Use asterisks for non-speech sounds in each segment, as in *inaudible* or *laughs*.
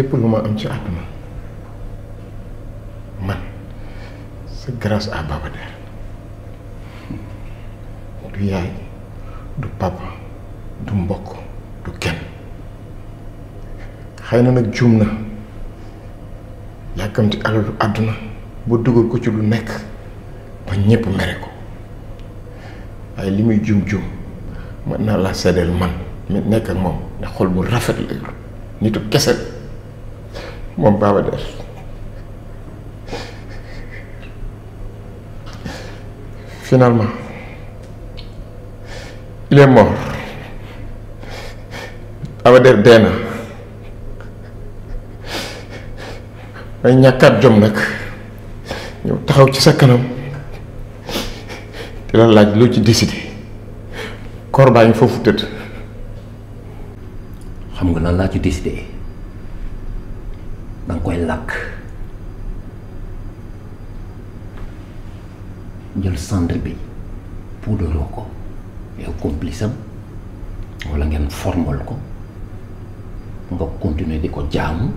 lépp lu ma am ci àdduna man c'est grâce à Babader du yaay du papa du mbokk du kenn xëy na nag jum na yàkkamti alalu àdduna bu dugal ko ci lu nekk ba ñépp mere ko waaye li muy juum juum mën naa laa seddeel man mi nekk ak moom ne xol bu rafet la nitu kese moom Babader finalement il est mort Babader dee na may ñàkkaat jom nag ñëw taxaw ci sa kanam di la laaj loo ci décidé koor baa foofu tëdd xam nga lan laa ci décidé da nga koy lakk jël cendre bi puudaroo ko yow complice am wala ngeen formal ko nga continuer di ko jaamu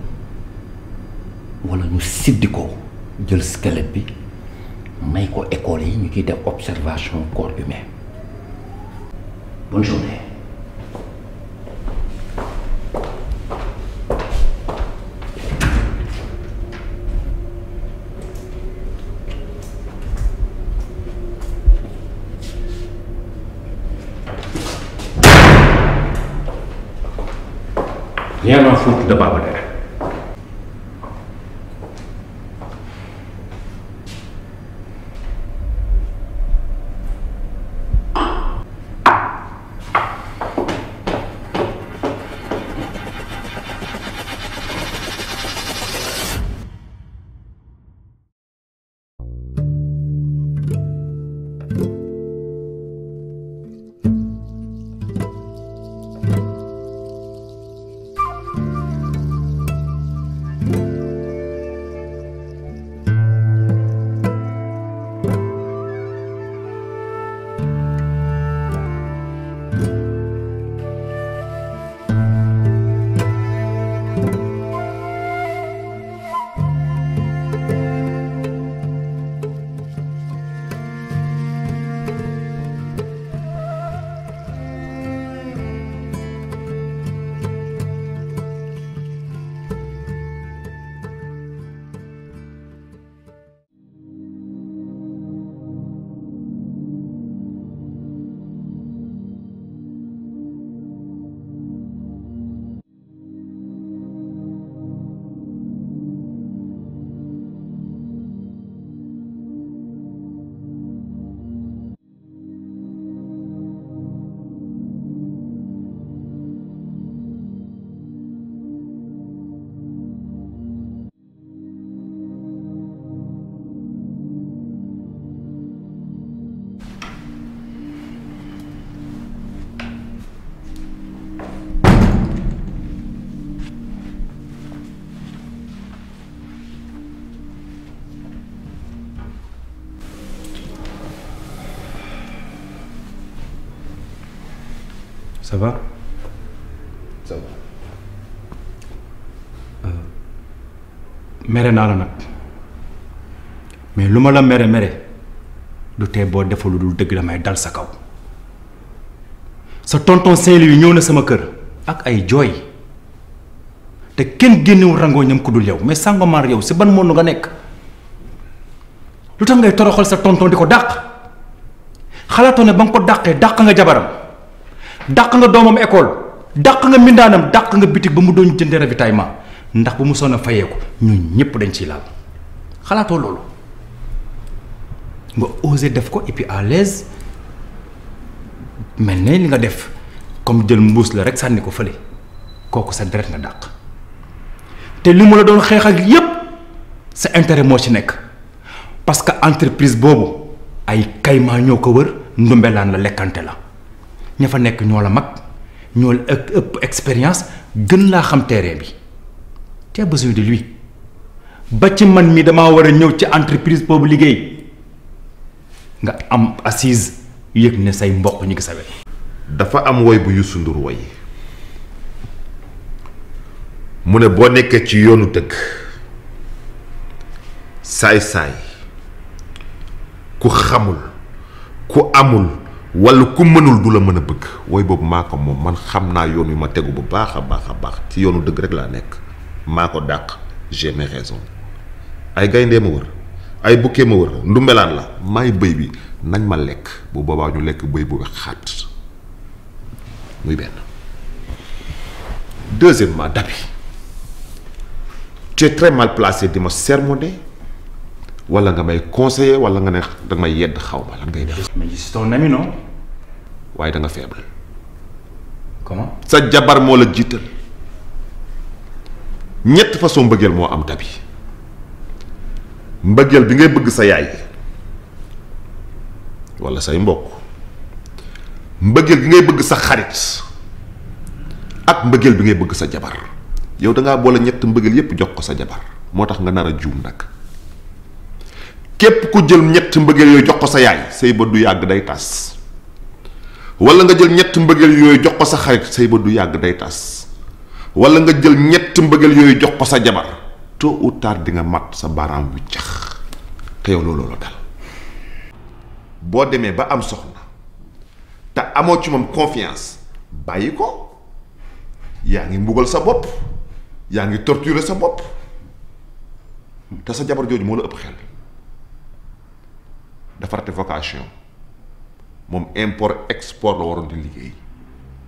wala ñu siddi ko jël squelette bi may ko école yi ñu ciy def observation corps humain bonne Ça va euh, mere naa la nag mais lu ma la mere mere du tee boo defal lu dul dëgg damay dal sa kaw sa tonton saint yu ñëw na sama kër ak ay jooy te kenn génnewul rangoo ñam ku dul yow mais Sangomar yow si ban monde nga nekk lu tax ngay toroxal sa tonton di ko dàq xalaatoo ne ba nga ko dàqee dàq nga jabaram dàq nga doomam école dàq nga mbindaanam dàq nga bitig ba mu doon jëndee ravitaillement ndax bu mu sonn fayee ko ñun ñëpp dañ ciy laal xalaatoo loolu nga osé def ko et à lees mel ne li nga def comme jël mbuus la rek sànni ko fële kooku sa deret nga dàq te li mu la doon xeex ak yépp sa intérêt moo ci nekk parce que entreprise boobu ay kaymaa ñoo ko wër ndumbelaan la lekkante la ña fa nekk ñoo la mag ñoo la ëpp expérience gën laa xam terrain bi tu as besoin de lui ba ci man mii dama war a ñëw ci entreprise boobu liggéey nga am assise yëg ne say mboq ñu ngi sa dafa am woy bu Youssou Ndour woy mu ne boo nekkee ci yoonu dëgg saay-saay ku xamul ku amul wala ku mënul du la mën a bëgg woy boobu maa ko moom man xam naa yoon yu ma tegu bu baax a baax a baax ci yoonu dëgg rek laa nekk maa ko dàq j'ai mes ay gayndee ma wër ay bukkee ma wër ndumbelaan la may bëy bi nañ ma lekk bu boobaa ñu lekk bëy bu xaat muy benn deuxièmement dabi tu très mal placé di ma sermonner wala nga may conseiller wala nga ne danga may yedd xaw ma lan ngay def. mais c'est ton ami non. waaye da nga faible. sa jabar moo la jiital ñett façon mbëggeel moo am tabi mbëggeel bi ngay bëgg sa yaay wala say mbokk mbëggeel bi ngay bëgg sa xarit ak mbëggeel bi ngay bëgg sa jabar yow danga boole ñett mbëggeel yépp jox ko sa jabar moo tax nga nar a juum nag. képp ku jël ñett mbëggeel yooyu jox ko sa yaay say bët du yàgg day tas wala nga jël ñett mbëggeel yooyu jox ko sa xarit say bët du yàgg day tas wala nga jël ñett mbëggeel yooyu jox ko sa jabar tôt ou tard di nga mat sa baaraam wi cax te yow looloo la dal boo demee ba am soxna te amoo ci moom confiance bàyyi ko yaa ngi mbugal sa bopp yaa ngi torturer sa bopp te sa jabar jooju moo la ëpp xel dafa vocation moom import export la waroon di liggéey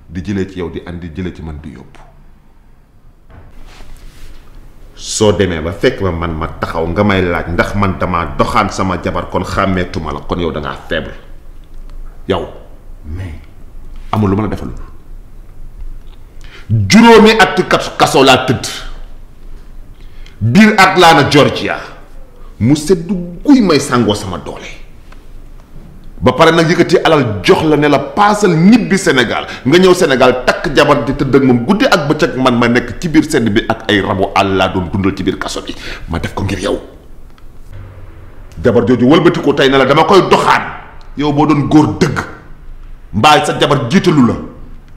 di jële ci yow di andi jële ci man di yóbbu soo demee ba fekk ma man ma taxaw nga may laaj ndax man dama doxaan sama jabar kon xàmmeetuma la kon yow da ngaa faible amul lu ma la defal juróomi at kat kaso laa tëdd biir Atlanta Georgia mu sedd guy may sàngoo sama doole ba pare nag yëkkati alal jox la ne la paasal ñibbi Sénégal nga ñëw Sénégal takk jabar ji tëdd ak moom guddi ak bëccëg man ma nekk ci biir sedd bi ak ay rabu àll laa doon dundal ci biir kaso bi ma def ko ngir yow. jabar jooju wëlbati ko tey ne la dama koy doxaan yow boo doon góor dëgg mbaay sa jabar jiitalu la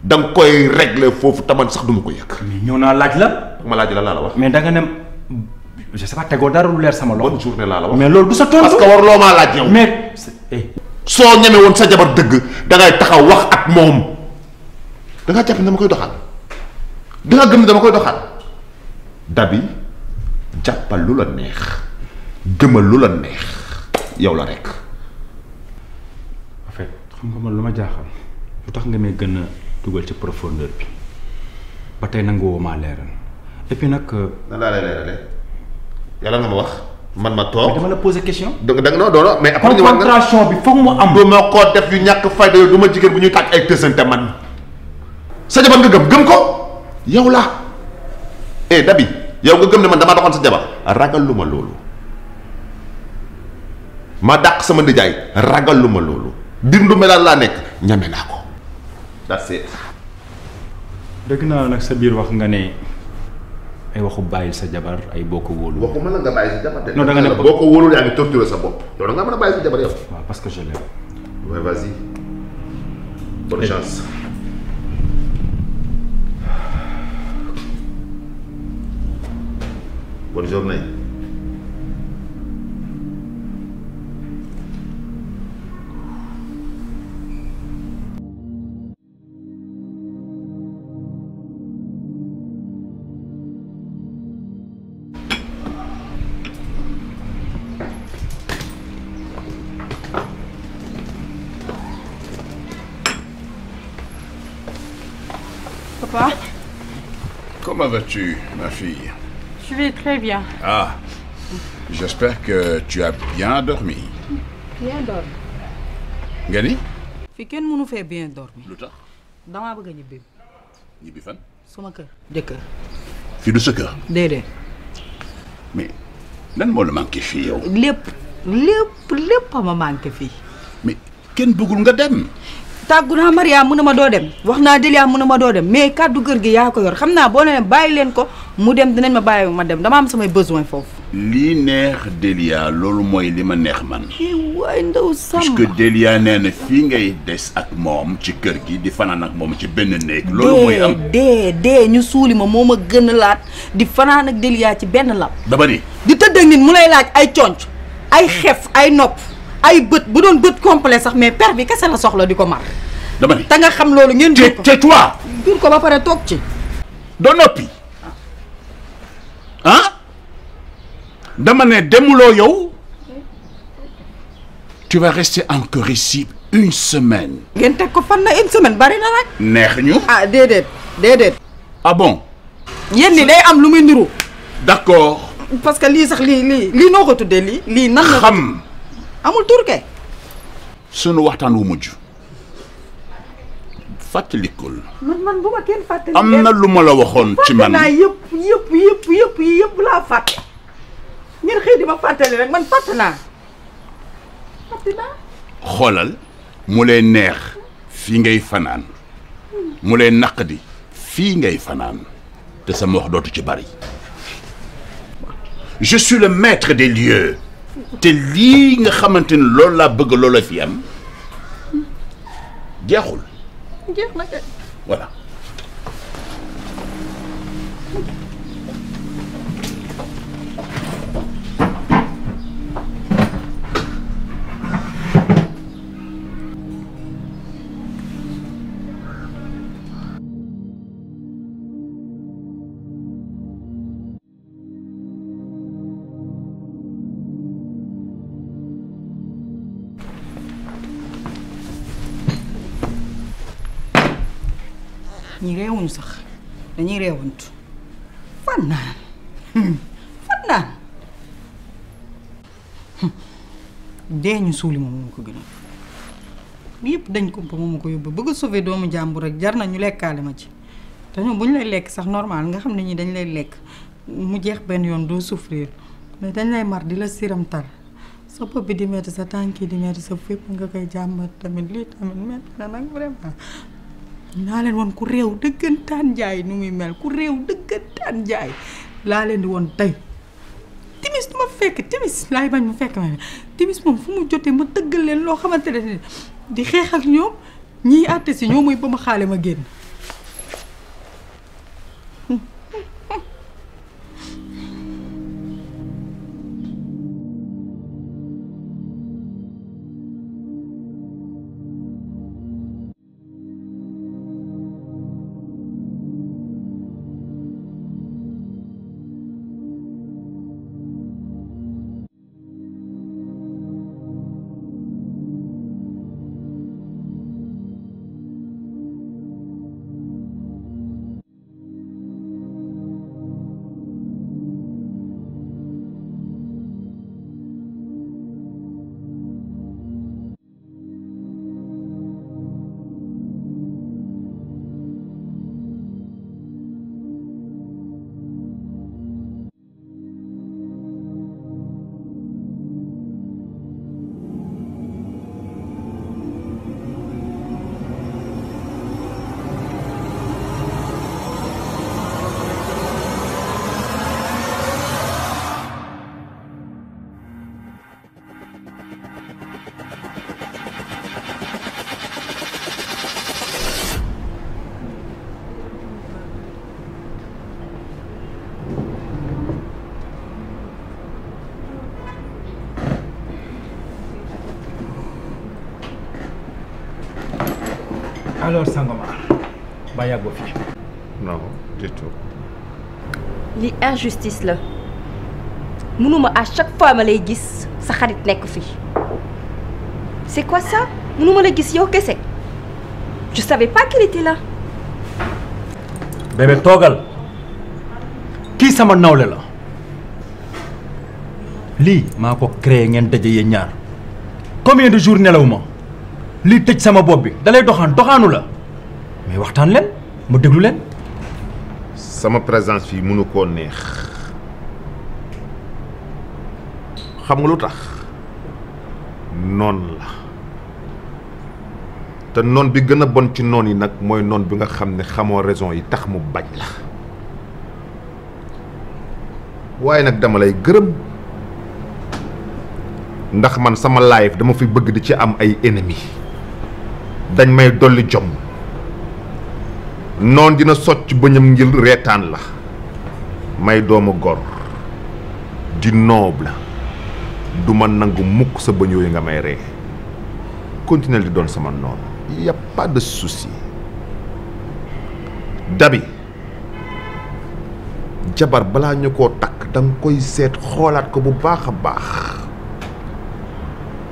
da nga koy régler foofu taman sax duma ko yëg. ñëw naa laaj la. ma laaj la laa la wax. mais da nga ne dara lu leer sama loxo. bonne journée laa mais loolu du sa tontu. parce war loo maa laaj yow mais. Eh. soo ñeme sa jabar dëgg da taxaw wax ak moom da ngaa jàpp ne dama koy doxal da nga gëm dama koy doxal dabi jàppal lu la neex gëmal lu la neex yow la rek. en xam nga man lu ma jaaxal lu tax nga may gën a dugal ci profondeur bi ba tey nangu woo maa leeral et nag. Euh, nan laa lay yàlla nga ma wax. man ma toog dama la question. donc da nga mais. après concentration bi foog mu am. du ma ko def yu ñàkk fayda yooyu du ma jigéen bu ñuy tàcc ay tësante man. sa jabar nga gëm gëm ko yow la eh dabi yow nga gëm ne man damaa doxoon sa jabar ragal ma loolu ma dàq sama ndijaay ragal lu ma loolu dindu melal laa nekk ñame naa ko. dëgg naa nag sa biir wax nga ne. ay waxu bàyyil sa jabar ay boo ko wóolu. waxuma la nga bàyyi sa jabar de. non da nga ne boo ko wóolu sa bopp. yow da nga mën a bàyyi sa jabar yow. waaw parce que je l'aime. waaw chance. bonne journée. Comment vas-tu, ma fille Je vais très bien. Ah, j'espère que tu as bien dormi. Bien dormi. nga ni. fi kenn mënu fee bien dormi. lu tax. damaa bëgg a ñibbi. ñibbi fan. suma kër. jëkkër. fii du sa kër. déedéet. mais lan moo la manqué fii yow. lépp ma manqué fii. mais kenn bëggul nga dem. tàggu naa Maria mu ne ma doo dem wax naa Delia mu ne ma doo dem mais kàddu kër gi yaa ko yor xam naa boo ne bàyyi leen ko mu dem dinañ ma bàyyi ma dem dama am samay besoin foofu. lii neex Delia loolu mooy li ma neex man. waay ndaw Samba puisque Delia nee na fii ngay des ak moom ci kër gi di fanaan ak moom ci benn néeg. loolu mooy am dee dee ñu suuli ma moo ma gën a laat di fanaan ak Delia ci benn lab. dama di tëdd ak nit mu lay laaj ay conc ay xef ay nopp. ay bët bu doon bët complet sax mais per bi kese la soxla di ko mar. dama ni te nga xam loolu ngeen. jur te toi. jur ko toog ci. doo noppi ah dama ne demuloo yow tu vas rester encore ici une semaine. ngeen teg ko fan na une semaine bari na rek. neex ñu. ah déedéet déedéet. ah bon. yéen ni day am lu muy niru. d'accord. parce que lii sax lii lii lii noo ko tuddee lii. lii nan la xam. amul turke sunu waxtaan wu mujj fàttalikul. man man am na lu ma la waxoon ci man yépp naa yëpp yëpp yëpp laa fàtt ngeen xëy di ma fàttali rek man fàtte naa xoolal mu lay neex fii ngay fanaan mu lay naqdi fii ngay fanaan te sama wax dootu ci bari. je suis le maître des te lii nga xamante ni loolu laa bëgg loolu la fi am jeexul. na kay voilà. réewuñu sax dañuy réewantu fannaan hmm, fannaan hmm, dee ñu suuli moom moo ko gënal yëpp dañ kumpa moom ma ko yóbbu bëgg a doomu jàmbur rek jar na ñu lekkaale ma ci te ñoom bu ñu lay lekk sax normal nga xam ne ñi dañ lay lekk mu jeex benn yoon doo souffrir mais dañ lay mar di la siram tar sa bopp bi di metti sa tànk yi di metti sa fépp nga koy jàmbat tamit lii tamit metti nag vraiment naa leen woon ku réew dëggantaan njaay nu muy mel ku réew dëggantaan njaay laa leen di woon tey timis du ma fekk timis laay bañ mu fekk ma timis moom fu mu jotee ma tëggal leen loo xamante ne di xeex ak ñoom ñiy àtte si ñoo mooy ba ma xaale ma génn alors Sangomar ba li injustice la mënuma à chaque fois ma lay gis sa xarit nekk fi c'est quoi ça mënuma la gis yow kese je savais pas qu'il était là. toogal kii sama nawle la lii maa ko créé ngeen daje yéen ñaar combien de jours nelawuma lii tëj sama bopp bi dalay doxaan doxaanu la mais waxtaan leen ma déglu leen. sama présence fii mënu koo neex xam nga lu tax noon la te noon bi gën a bon ci noon yi nag mooy noon bi nga xam ne xamoo raison yi tax mu bañ la waaye nag dama lay gërëm ndax man sama life dama fi bëgg di ci am ay ennemis dañ may dolli jom noon dina socc bëñam ngir reetaan la may doomu gor di noble du ma nangu mukk sa bëñ yooyu nga may ree continuer di doon sama noonu y a pas de souci dabi jabar balaa ñu koo takk danga koy seet xoolaat ko bu baax a baax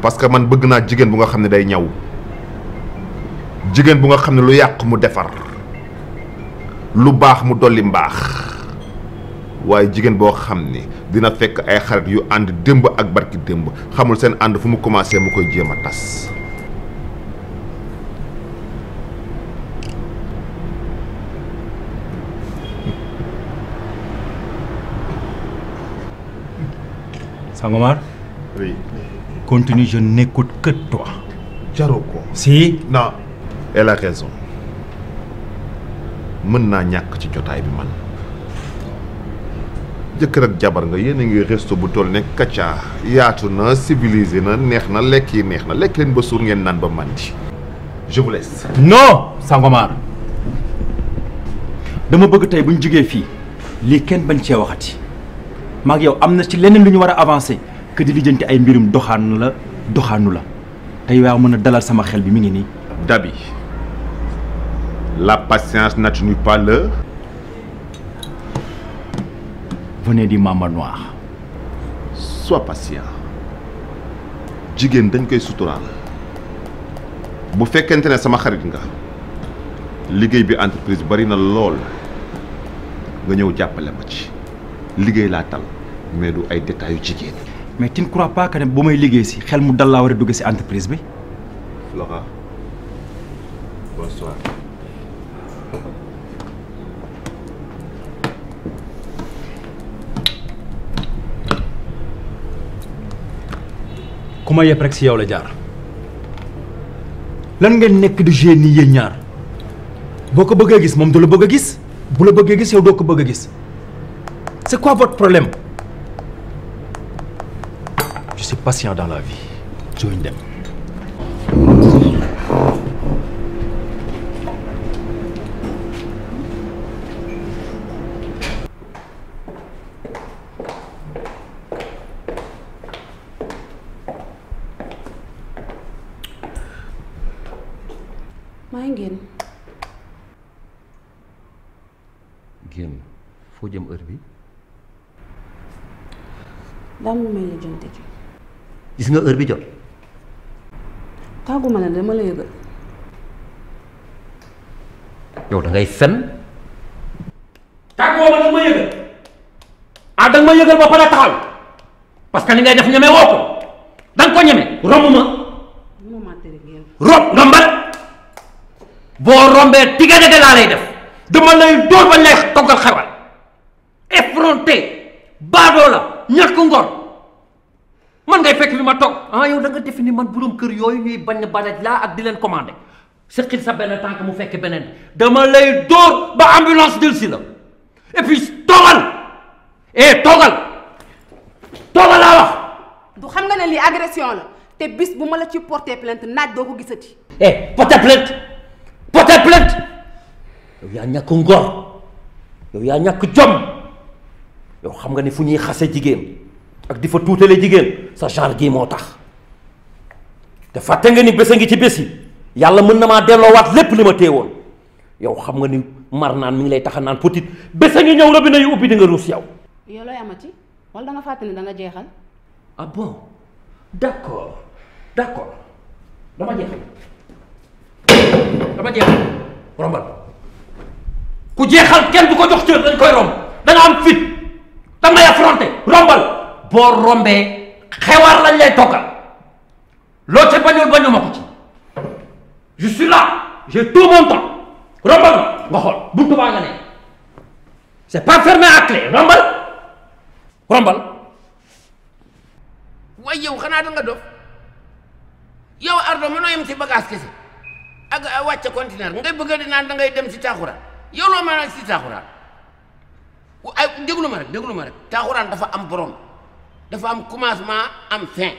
parce que man bëgg naa jigéen bu nga xam ne day ñaw jigéen bu nga xam ne lu yàq mu defar lu baax mu dolli mbaax waaye jigéen boo xam ni dina fekk ay xarit yu ànd démb ak barki démb xamul seen ànd fu mu commencé mu koy jéem a tas Sangomar oui continue je n'écoute que elle a raison mën naa ñàkk ci jotaay bi man jëkkër ak jabar nga yéen a ngi resto bu toll ne kacca yaatu na civilisé na neex na lekk yi neex na lekk leen ba suur ngeen naan ba màndi je vous non Sangomar dama bëgg tey bu ñu jugee fii lii kenn bañ cee waxati maag yow am na ci leneen lu ñu war a avancé que di lijjanti ay mbirum doxaanu la doxaanu la tey yaa mën a dalal sama xel bi mi ngi nii. dabi. La patience n'atténue pas l'heure. Venez du Mamba Noir. Sois patient. jigéen dañ koy suturaal. bu fekkente ne sama xarit nga. liggéey bi entreprise bari na lool. nga ñëw jàppale ma ci. liggéey laa tal mais du ay détails yu jigéen. mais tu ne crois pas que bu may liggéey si xel mu dal laa war a dugg si entreprise bi. Flora ku ma yëpp rek si yow la jaar lan ngeen nekk di jouer nii yéen ñaar boo ko bëggee gis moom du la bëgg a gis bu la bëggee gis yow doo ko bëgg a gis c'est quoi votre problème je suis patient dans la vie sooñ dem foo jëm nga heure bi jot tàgguma la dama la yëgal yow da ngay fen tàgguma la dama yëgal ah danga ma yëgal ba pare taxaw parce ni ngay def ñeme woo danga ko ñeme romb ma romb nga mbat boo rombee lay def dama lay dóor ba lay toggal xewal te baadoo la ñàkk ngor man ngay fekk fi ma toog ah yow da nga defe ni man boroom kër yooyu ñuy bañ bajaj laa ak di leen commandé sëqil sa benn tànk mu fekk beneen dama lay dóor ba ambulance dil si la et puis toogal eh toogal laa wax du xam nga ne lii agression la te bis bu ma la ci porté plainte naaj doo ko gisati eh porté plainte porté plainte yow yaa ñàkk ngor yow yaa ñàkk jom yow xam nga ni fu ñuy xase jigéen ak di fa tuutale jigéen sa genre gii moo tax te fàtte nga ni bés a ngi ci bés yi yàlla mën na maa delloowaat lépp li ma woon yow xam nga ni mar naan mi ngi lay tax a naan petit bés a ngi ñëw robinet yu ubbi di nga ruus yow. yow looy am a ci nga fàtte ne da nga jeexal. ah bon d'accord d'accord dama jeexal rombal ku jeexal kenn du ko jox cër dañ koy romb da am fit. da ngay affronté rombal boo rombee xewaar lañ lay toggal loo ca bañul bañu ma ko ci je suis là j'ai tout mon rombal nga xool buntu baa nga ne c'est pas fermé à rombal rombal waaye yow xanaa da nga dof yow Ardo mënoo yem ci bagage kese ak wàcce conteneur ngay bëgg di naan da ngay dem ci taaxura yow loo mën a ci ay déglu ma rek déglu ma rek taaxuraan dafa am borom dafa am commencement am fin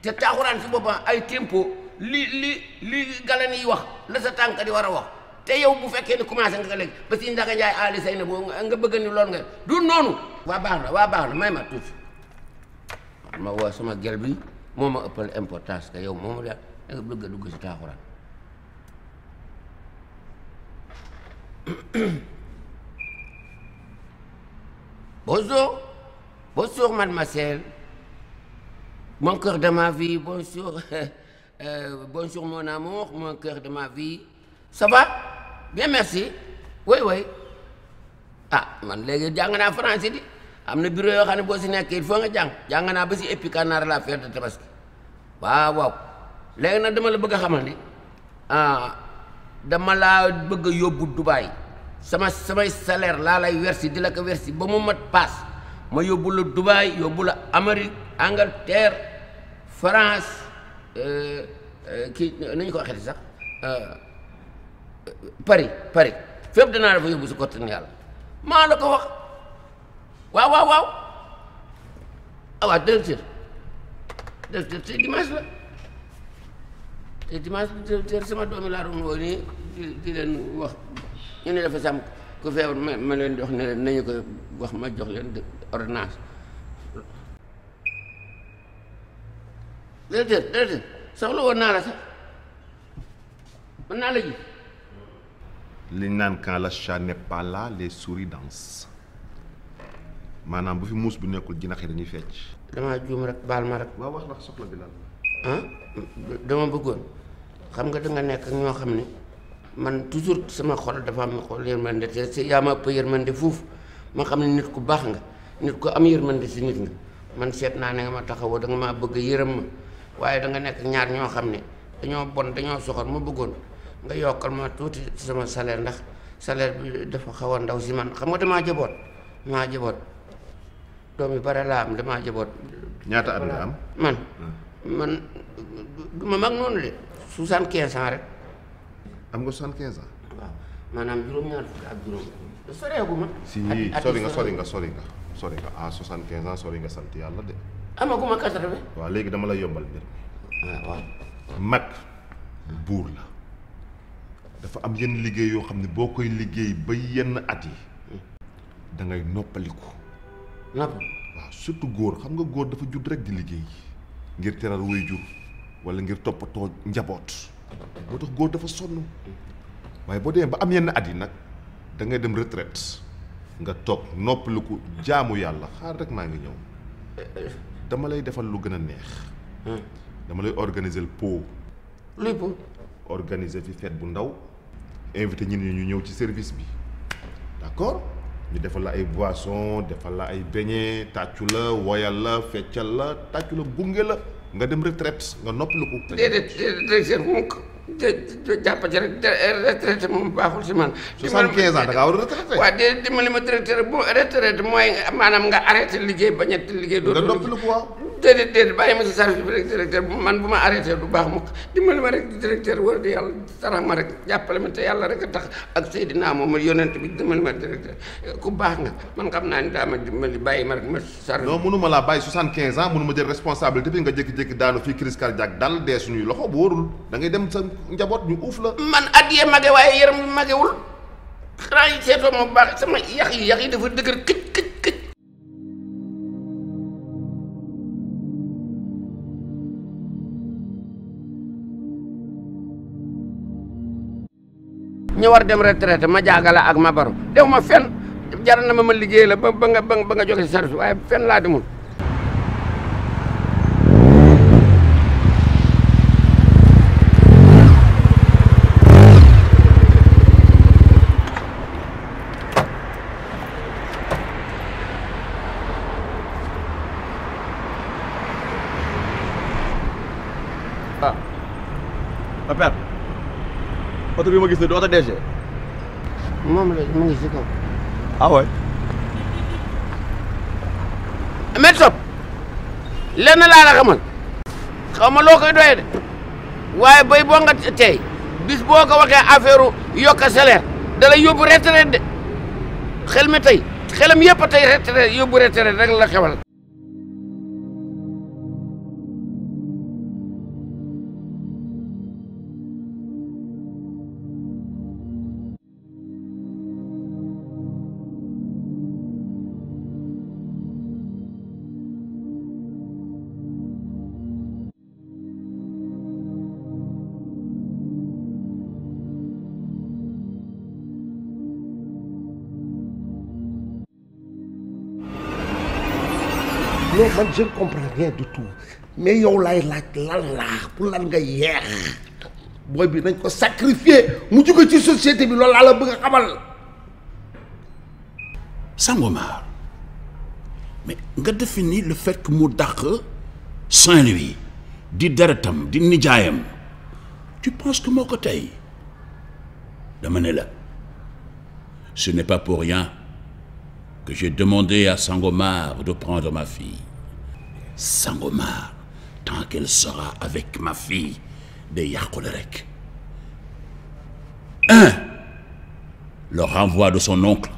te taaxuraan si boppam ay tempo li li li galan yi wax la sa tànk di war a wax te yow bu fekkee ni commencé nga léegi ba si Ndiaga Ndiaye Ali Seyna boo nga bëgg ni loolu nga du noonu. waa baax na waa baax na may ma tuuti ma woo sama gel bi moom ma ëppal importance que yow moomu daal da nga bëgg a dugg si taaxuraan. *clears throat* Bonjour. Bonjour, mademoiselle. Mon cœur de ma vie, bonjour. *laughs* Euh, bonjour, mon amour, mon cœur de ma vie. Ça va? Bien, merci. Oui, oui. ah man léegi jàng naa français di am na bureau yoo xam ne boo si nekkee il faut nga jàng jàng naa ba si épi kanaar la fête de tabaski waaw waaw léegi nag dama la bëgg a xamal ni ah, dama la bëgg a yóbbu Dubaï. sama samay salaire laa lay wersi di la ko wersi ba mu mat paas ma yóbbu la Dubaï yóbbu la Amérique France euh, euh, kii nañu ko waxee sax euh, pari Paris fépp danaa dafa yóbbu si kottan maa la ko wax waaw waaw waaw awaa ah, deux heures deux heures sama doomi laa doon woo nii di wax ñu ne dafa sàmm ku feebar ma ma leen jox ne leen nañu ko wax ma jox leen ordonnance déedéet déedéet soxla woon naa la sax mën naa la ji liñ naan quand le chat n'est pas souris dansent maanaam bu fi muus bu nekkul jinax yi dañuy fecc damaa juum rek baal ma rek waaw wax la soxla bi lan ah, dama bëggoon xam nga danga nekk ñoo xam ne man toujours sama xol dafa am xol yërmande te si yaa ma ëpp yërmande fuuf ma xam ne nit ku baax nga nit ku am yërmande si nit nga man seet naa ne nga ma taxawoo da nga maa bëgg yërëm ma waaye da nga nekk ñaar ñoo xam ne dañoo bon dañoo soxor ma bëggoon nga yokkal ma tuuti sama salaire ndax salaire bi dafa xaw a ndaw si man xam nga damaa jaboot damaa jaboot doom yi bare laa am damaa jaboot. ñaata am nga am. man man ma mag noonu de soixante-quinze ans rek. am nga soixante quinze ans. waaw maanaam juróom-ñaar fukk ak juróom. si sori nga sori nga sori nga sori nga ah soixante quinze ans sori nga sant yàlla de. amaguma quatre vingt. waaw léegi dama la yombal mbir mi. Ah, mag buur la dafa am yenn liggéey yoo xam ne boo koy liggéey ba yenn at yi dangay ngay noppaliku. napp góor xam nga góor dafa judd rekk di liggéey ngir teral waajur walla ngir toppatoo njaboot. moo tax góor dafa sonn waaye boo demee ba am yenn at yi nag da ngay dem retraite nga toog noppaliku jaamu yàlla xaar rek maa ngi ñëw dama lay defal lu gën a neex. Hmm. dama lay organiser pot. luy pot. organiser fi fête bu ndaw. invité ñin ñu ñëw ci service bi d'accord ñu defal la ay boissons defal la ay beignets tàccu la woyal la feccal la tàccu la gunge la. nga dem retraite nga noppalu ko. déedéet déedéet directeur bu jàpp ci rek retraité moom baaxul si man. soixante-quinze ans da a retraité. waaw ma retraité bu retraité mooy maanaam nga arrêté liggéey a nga noppalu waaw. déedéet déedéet bàyyi ma si service bi bu man bu ma arrêté du baax mukk dimbali ma rek directeur war di yàlla sarax ma rek jàppale ma te yàlla rek a tax ak Seydina moom yonent bi dimbali ma directeur ku baax nga man xam naa ni daa ma dimbali bàyyi ma rek ma sar non mënuma laa bàyyi soixante-quinze ans mënuma jël responsabilité bi nga jékki-jékki daanu fii crise cardiaque dal dee suñuy loxo bu wóorul da ngay dem sa njaboot ñu uuf la. man addiye mage waaye yaram magewul xanaa yi seetoo ma baax sama yax yi yax yi dafa dëgër këj këj këj. ñu war dem retraite ma jaagala ak ma baro dew ma fenn jar na ma ma liggéey la ba ba nga ba nga jóge si service waaye fenn laa demul. oto bi ma gis ne du oto DG. moom la mu ngi si kaw. ah waay. Ahmed Top lenn laa la xamal xaw ma loo koy doyee de waaye bay boo nga tey bis boo ko waxee affaire yokk salaire da lay yóbbu retraite de xel mi tey xelam yëpp a tey retraite yóbbu retraite rek la xewal. man je ne comprends rien du tout mais yow laay laaj lan laa pour lan nga yeex booy bi nañ ko sacrifier mu jóge ci société bi loolu laa la bëgg a xamal. Sangomar mais nga défini le fait que mu dàq Saint-Louis di deretam di nijaayam tu penses que moo ko tey dama ne la ce n'est pas pour rien que j'ai demandé à Sangomar de prendre ma fille. Sangomar tant qu'elle sera avec ma fille day yàqule rek un le renvoi de son oncle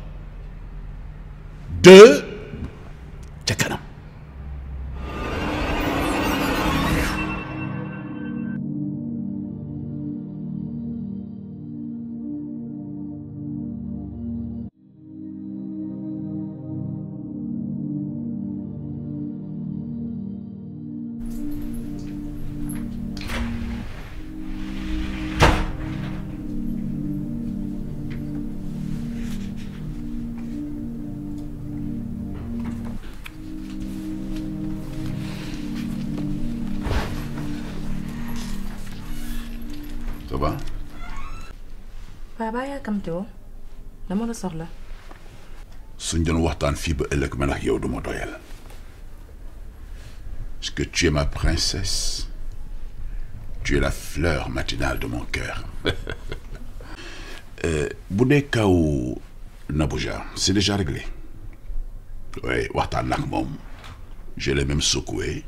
suñ doon waxtaan fii ba ëllëg man ak yow du ma que tu es ma princesse tu es la fleur matinale de mon cœur *laughs* euh, bu dee kaw c'est déjà réglé oui waxtaan nag moom je l'ai même secoué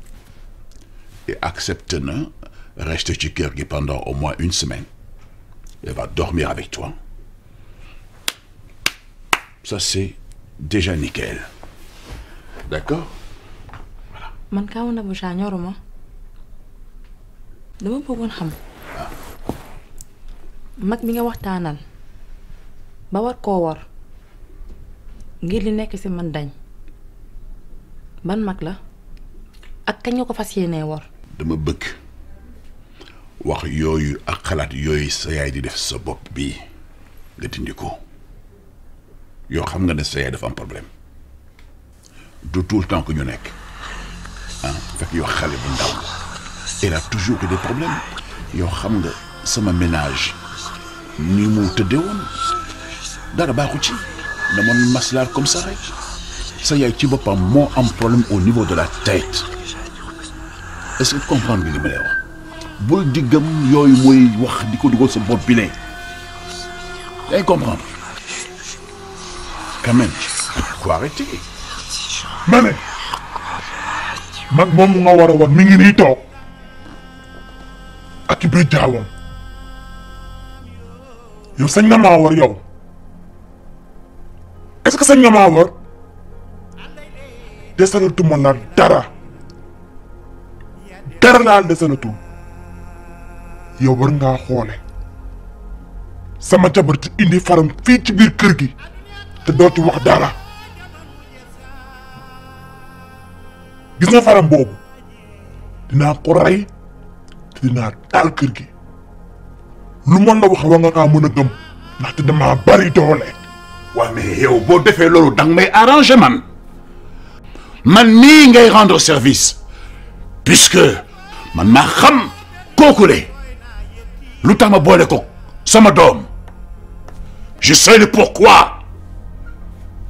et accepté na rester ci kër gi pendant au moins une semaine elle va dormir avec toi ça c'est déjà nickel d'accord voilà. man Kaawu Naboucha ñoruma dama bëggoon xam. Ah. mag bi nga waxtaanal ba war koo war ngir li nekk ci man dañ ban mag la ak kañ nga ko fas yéenee war. dama bëgg wax yooyu ak xalaat yooyu sa yaay di def sa bopp bi nga dindi ko. yoo xam nga ne sa yaay dafa am problème du tout le temps ñu nekk ah fekk yow xale bu ndaw il a toujours que de problème yoo xam nga sama ménage ni mu tëddee woon dara baaxu ci ma maslaar comme ça rek sa yaay ci boppam moo am problème au niveau de la tête est que comprendre bi li ma lay wax bul yooyu mooy wax di ko dugal sa bopp bi ne day comprendre quand même faut arrêter. nga war a wan mi ngi nii toog ak i biir jaawoon yow sañ nga maa war yow est-ce que sañ nga maa war desalatuma la dara dara laal desalatu yow war ngaa xoole sama jabar ci indi faram fii ci biir kër gi. te doo ci wax dara gis nga faram boobu dinaa ko te dinaa taal kër gi lu mën la wax wa nga kaa mën a gëm ndaxte damaa bari doole. waaw yow boo defee loolu danga may arrangé man man nii ngay rendre service puisque man maa xam kooku le lu tax ma boole ko sama doom je sais le pourquoi.